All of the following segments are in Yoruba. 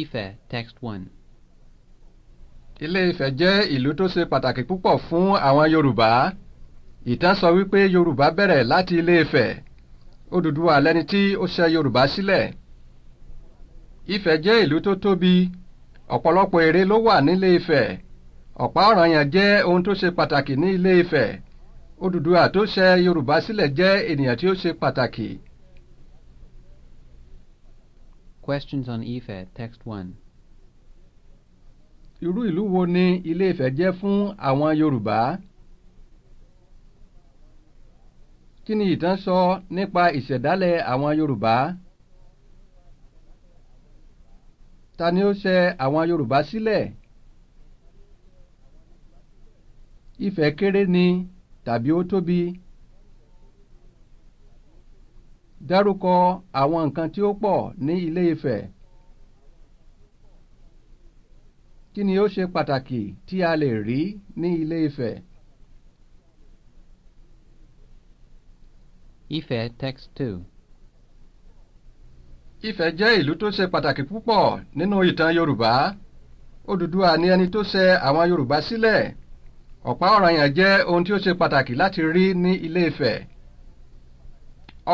Ife text one. Ilé Ifẹ̀ jẹ́ ìlú tó ṣe pàtàkì púpọ̀ fún àwọn Yorùbá. Ìtàn sọ wípé Yorùbá bẹ̀rẹ̀ láti Ilé Ifẹ̀. Odùduwà lẹni tí ó ṣẹ Yorùbá sílẹ̀. Ifẹ̀ jẹ́ ìlú tó tóbi. Ọ̀pọ̀lọpọ̀ ère ló wà nílé Ifẹ̀. Ọ̀pá ọ̀rànyàn jẹ́ ohun tó ṣe pàtàkì ní Ilé Ifẹ̀. Odùduwà tó ṣẹ Yorùbá sílẹ̀ jẹ́ ènìyàn tí ó ṣe pàtàkì. Questions on Ife, text one. Irú ìlú wo ni Ilé Ifẹ̀ jẹ́ fún àwọn Yorùbá? Kí ni ìtàn sọ nípa ìṣẹ̀dálẹ̀ àwọn Yorùbá? Ta ni ó ṣẹ àwọn Yorùbá sílẹ̀? Ifẹ̀ kéré ni tàbí ó tóbi? Dárúkọ àwọn nǹkan tí ó pọ̀ ní Ilé Ifẹ̀. Kí ni ó ṣe pàtàkì tí a lè rí ní Ilé Ifẹ̀? Ifẹ̀ text two. Ifẹ̀ jẹ́ ìlú tó ṣe pàtàkì púpọ̀ nínú ìtàn Yorùbá. Odùduwà ni ẹni tó ṣẹ àwọn Yorùbá sílẹ̀. Ọ̀pá ọ̀rànyàn jẹ́ ohun tí ó ṣe pàtàkì láti rí ní Ilé Ifẹ̀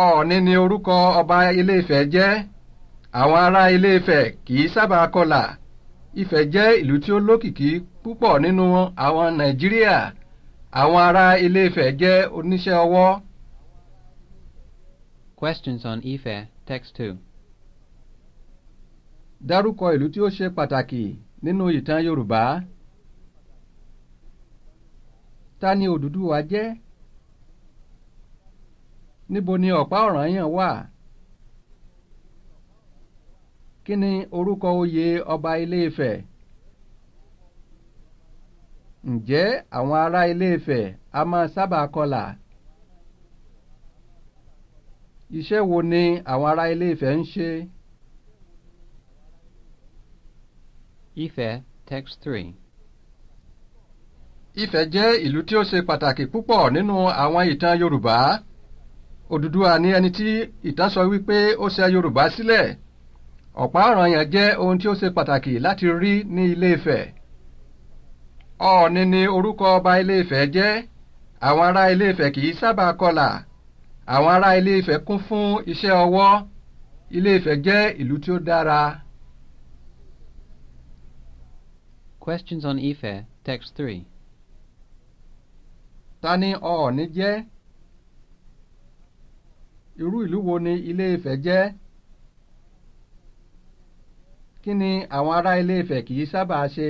ọ̀ọ̀ni ni orúkọ ọba ilé-ifẹ̀ jẹ́ àwọn ará ilé-ifẹ̀ kì í sábà kọlà ifẹ̀ jẹ́ ìlú tí ó lókìkí púpọ̀ nínú àwọn nàìjíríà àwọn ará ilé-ifẹ̀ jẹ́ oníṣẹ́ ọwọ́. questions on Ife text two. dárúkọ ìlú tí ó ṣe pàtàkì nínú ìtàn yorùbá. ta ni òdúdúwa jẹ́? Níbo ni ọ̀pá ọ̀rànyàn wà? Kí ni orúkọ oyè ọba Ilé-Ifẹ̀? Ǹjẹ́ àwọn ará Ilé-Ifẹ̀ a máa sábà kọlà? Iṣẹ́ wo ni àwọn ará Ilé-Ifẹ̀ ń ṣe? Ifẹ̀ text three. ife jẹ́ ìlú tí ó ṣe pàtàkì púpọ̀ nínú àwọn ìtàn Yorùbá. Odùduwà ní ẹni tí ìtàn sọ wípé ó ṣẹ Yorùbá sílẹ̀ ọ̀pá ọ̀ranyàn jẹ́ ohun tí ó ṣe pàtàkì láti rí ní Ilé-Ifẹ̀ Ọọ̀ni ni orúkọ ọba Ilé-Ifẹ̀ jẹ́ àwọn ará Ilé-Ifẹ̀ kì í sábà kọlà àwọn ará Ilé-Ifẹ̀ kún fún iṣẹ́ ọwọ́ Ilé-Ifẹ̀ jẹ́ ìlú tí ó dára. Questions on Ife, text three. Ta ni Ọọ̀ni jẹ́? irú ìlú wo ni Ilé Ifẹ̀ jẹ́ kí ni àwọn ará Ilé Ifẹ̀ kì í sábà ṣe?